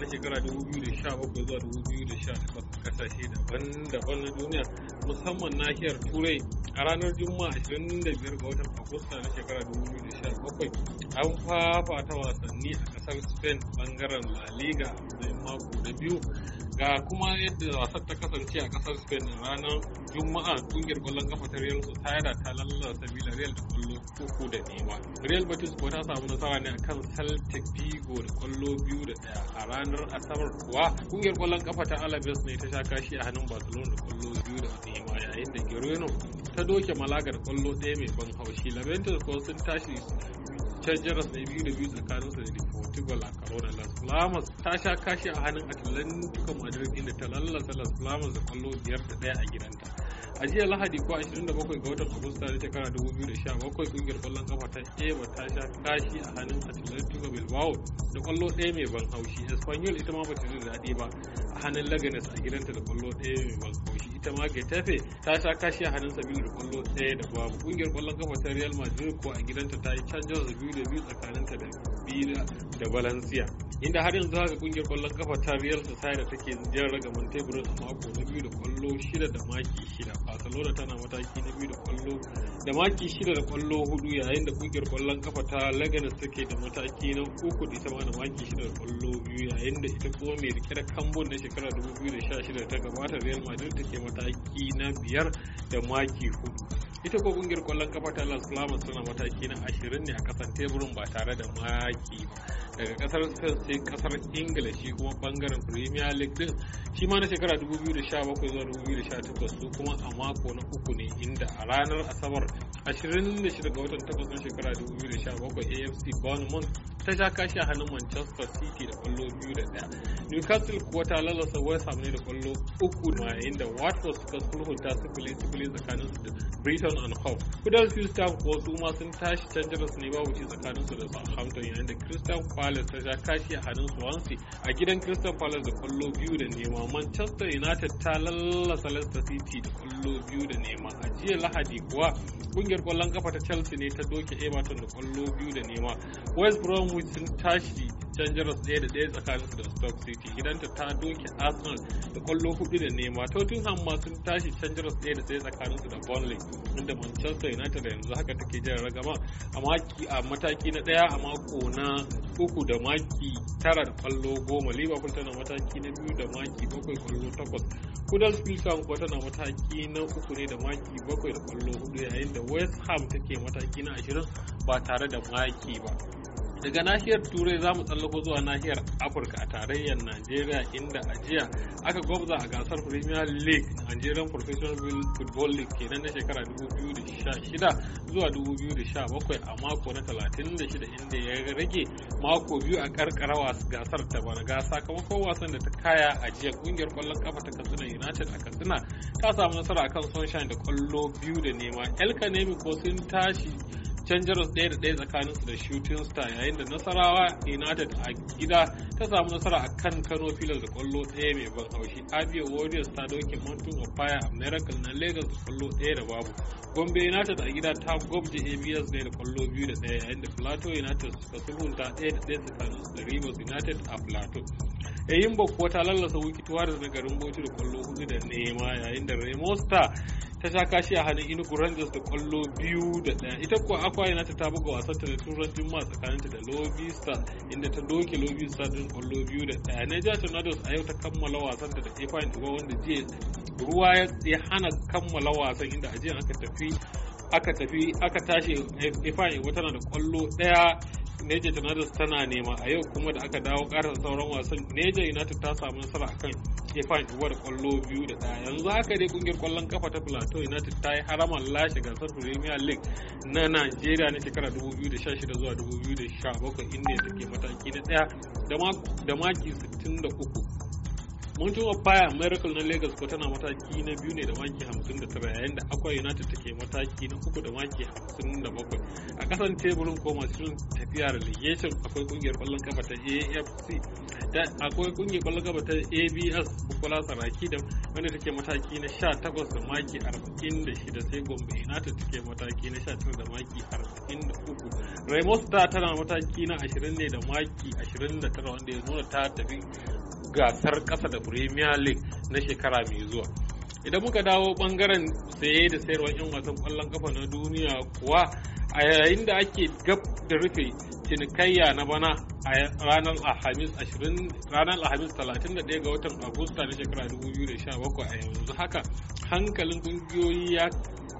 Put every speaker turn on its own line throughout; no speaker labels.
na shekara 2017 zuwa 2018 kasashe daban-daban na duniya musamman nahiyar turai a ranar juma'a 25 ga watan agusta na shekara 2017 an fafata wasanni a kasar spain bangaren la liga a mako na biyu ga kuma yadda wasar ta kasance a kasar spain ranar juma'a kungiyar kwallon kafa ta real su ta lallasa villarreal da kwallo uku da nema real betis ko ta samu nasara ne akan celtic vigo da kwallo biyu da daya a ranar asabar kuwa kungiyar kwallon kafa ta alaves ne ta sha kashi a hannun barcelona da kwallo biyu da nema yayin da girona ta doke malaga da kwallo daya mai ban haushi labentis ko sun tashi can jaras biyu da biyu tsakanin su da portugal a corona Flamas ta sha kashi a hannun Atlantico Madrid inda ta lallasa Las Flamas da kwallo biyar da ɗaya a gidanta. a jiya lahadi ko 27 ga watan agusta da shekara 2017 kungiyar kwallon kafa ta eba ta sha kashi a hannun atletico bilbao da kwallo ɗaya mai ban haushi espanyol ita ma bata da daɗi ba a hannun laganes a gidanta da kwallo ɗaya mai ban haushi ita ma getafe ta sha kashi a hannun sabila da kwallo ɗaya da babu kungiyar kwallon kafa ta real madrid ko a gidanta ta yi canjin da biyu da biyu tsakaninta da biyu da valencia inda har yanzu haka kungiyar kwallon kafa ta real society take jan ragaman teburin a mako na biyu da kwallo shida da maki shida barcelona tana mataki na biyu da kwallo da maki shida da kwallo hudu yayin da kungiyar kwallon kafa ta leganes take da mataki na uku da ita ma da maki shida da kwallo biyu yayin da ita kuma mai rike da kambun na shekarar 2016 ta gabata real madrid take mataki na biyar da maki hudu ita ko kungiyar kwallon kafa ta las palmas tana mataki na ashirin ne a kasan teburin ba tare da maki ba daga kasar sai kasar ingila shi kuma bangaren premier league din shi ma na shekara 2017 zuwa 2018 su kuma a mako na uku ne inda a ranar asabar 26 ga watan takwas shekara 2017 afc bournemouth ta sha kashi a hannun manchester city da kwallo biyu da daya newcastle kuwa ta lalasa west ham ne da kwallo uku yayin da watford suka sulhunta sifili sifili tsakanin su da britain and hove huddersfield staff kuwa su ma sun tashi canjaras ne babu ci tsakanin su da southampton yayin da crystal palace Palace ta sha kashi a hannun Swansea a gidan Crystal Palace da kwallo biyu da nema Manchester United ta lallasa Leicester City da kwallo biyu da nema a jiya Lahadi kuwa kungiyar kwallon kafa ta Chelsea ne ta doke Everton da kwallo biyu da nema West Bromwich sun tashi Rangers ɗaya da ɗaya tsakaninsu da Stoke City gidanta ta doke Arsenal da kwallo hudu da nema Tottenham ma sun tashi Rangers ɗaya da ɗaya tsakaninsu da Burnley inda Manchester United yanzu haka take jiran ragama a mataki na ɗaya a mako na uku uku da maki tara da kwallo goma liverpool tana mataki na biyu da maki bakwai kwallo takwas huddersfield town kuwa tana mataki na uku ne da maki bakwai da kwallo hudu yayin da west ham take mataki na ashirin ba tare da maki ba daga nahiyar turai za mu tsallako zuwa nahiyar afirka a tarayyar nigeria inda ajiya aka gwabza a gasar premier league nigerian professional football league kenan na shekara 2016 zuwa 2017 a mako na 36 inda ya rage mako biyu a karkara gasar ta bana ga sakamakon wasan da ta kaya a jiya kungiyar kwallon kafa ta katsina united a katsina ta samu nasara akan sunshine da kwallo biyu da nema elka nemi ko sun tashi can jaros ɗaya da ɗaya tsakanin su da shooting star yayin da nasarawa united a gida ta samu nasara a kan kano filas da kwallo ɗaya mai ban haushi abia warriors ta doke mountain of fire a miracle na lagos da kwallo ɗaya da babu gombe united a gida ta gobje abs ɗaya da kwallo biyu da ɗaya yayin da plateau united suka sulhunta ɗaya da ɗaya tsakanin su da rivers united a plateau Eyimba kuwa ta lallasa wiki tuwa da garin Bauchi da kwallo hudu da nema yayin da Remosta ta sha kashi a hannun Inugu Rangers da kwallo biyu da daya Ita kuwa Akwa yana ta buga wasan ta da ma tsakaninta da lobista Star inda ta doke lobista Star din kwallo biyu da ɗaya. Niger Tornadoes a yau ta kammala wasan ta da Efa Indigo wanda jiya ruwa ya hana kammala wasan inda a aka tafi aka tafi aka tashi Efa wata tana da kwallo ɗaya neja united tana nema a yau kuma da aka dawo karin sauran wasan neja united ta samu nasara akan ifan iwar kwallo biyu da ɗaya yanzu haka dai kungiyar kwallon kafa ta plateau united ta yi haraman lashe gasar premier league na nigeria na sha 2016 zuwa 2017 inda take mataki na ɗaya da maki 63 Montreal baya Miracle na Lagos ko tana mataki na biyu ne da maki 59 yayin da Aqua United take mataki na uku da maki 57. A kasan teburin ko masu shirin tafiya legation akwai kungiyar kwallon kafa ta AFC da akwai kungiyar kwallon kafa ta ABS kukula Saraki da wanda take mataki na 18 da maki 46 sai Gombe United take mataki na 19 da maki 43. raymond Star tana mataki na 20 ne da maki 29 wanda ya nuna ta tafi gasar ƙasa da premier league na shekara mai zuwa idan muka dawo bangaren saye da sayarwa 'yan wasan kwallon kafa na duniya kuwa a yayin da ake gab da rufe cinikayya na bana a ranar alhamis 31 ga watan agusta na shekara 2017 a yanzu haka hankalin kungiyoyi ya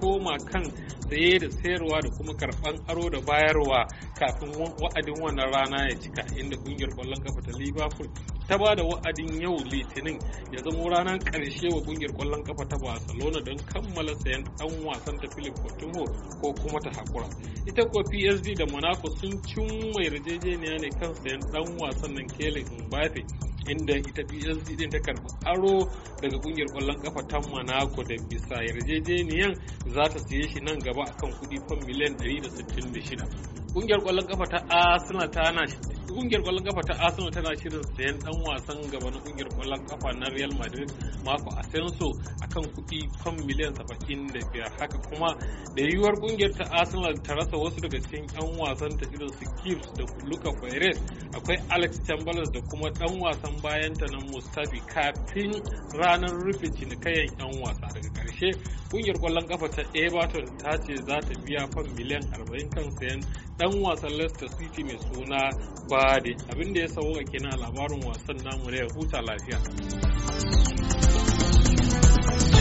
koma kan saye da sayarwa da kuma karban aro da bayarwa kafin wa'adin wannan rana ya cika inda kungiyar kwallon kafa ta liverpool ta ba da wa'adin yau litinin ya zama ranar karshe wa kungiyar kwallon kafa ta barcelona don kammala sayan dan wasan ta philip coutinho ko kuma ta hakura ita kuwa psd da monaco sun cimma yarjejeniya ne kan sayan dan wasan nan kelly mbappe inda ita psd din ta karbi aro daga kungiyar kwallon kafa ta monaco da bisa yarjejeniyan za ta siye shi nan gaba akan kudi fam miliyan 166 kungiyar kwallon kafa ta arsenal ta na kungiyar kwallon kafa ta Arsenal tana shirin sayan dan wasan gaba na kungiyar kwallon kafa na Real Madrid Marco Asensio akan kuɗi kan miliyan 75 haka kuma da yiwuwar kungiyar ta Arsenal ta rasa wasu daga cikin yan wasan ta irin su Gibbs da Luka Perez akwai Alex Chamberlain da kuma dan wasan bayan ta na Mustafi kafin ranar rufe cinikayen yan wasa daga karshe kungiyar kwallon kafa ta Everton ta ce za ta biya kan miliyan 40 kan sayan dan wasan Leicester City mai suna ba abin da ya sauka kenan labarin wasan namu ne ya huta lafiya.